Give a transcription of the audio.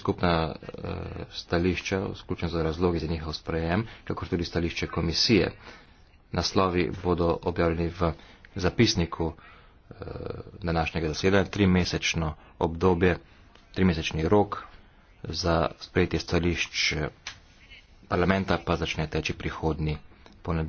skupna uh, stališča, vključno za razloge za njihov sprejem, kakor tudi stališče komisije. Naslovi bodo objavljeni v zapisniku uh, današnjega zasedanja, trimesečno obdobje, trimesečni rok za sprejetje stališč parlamenta pa začne teči prihodni ponedeljek.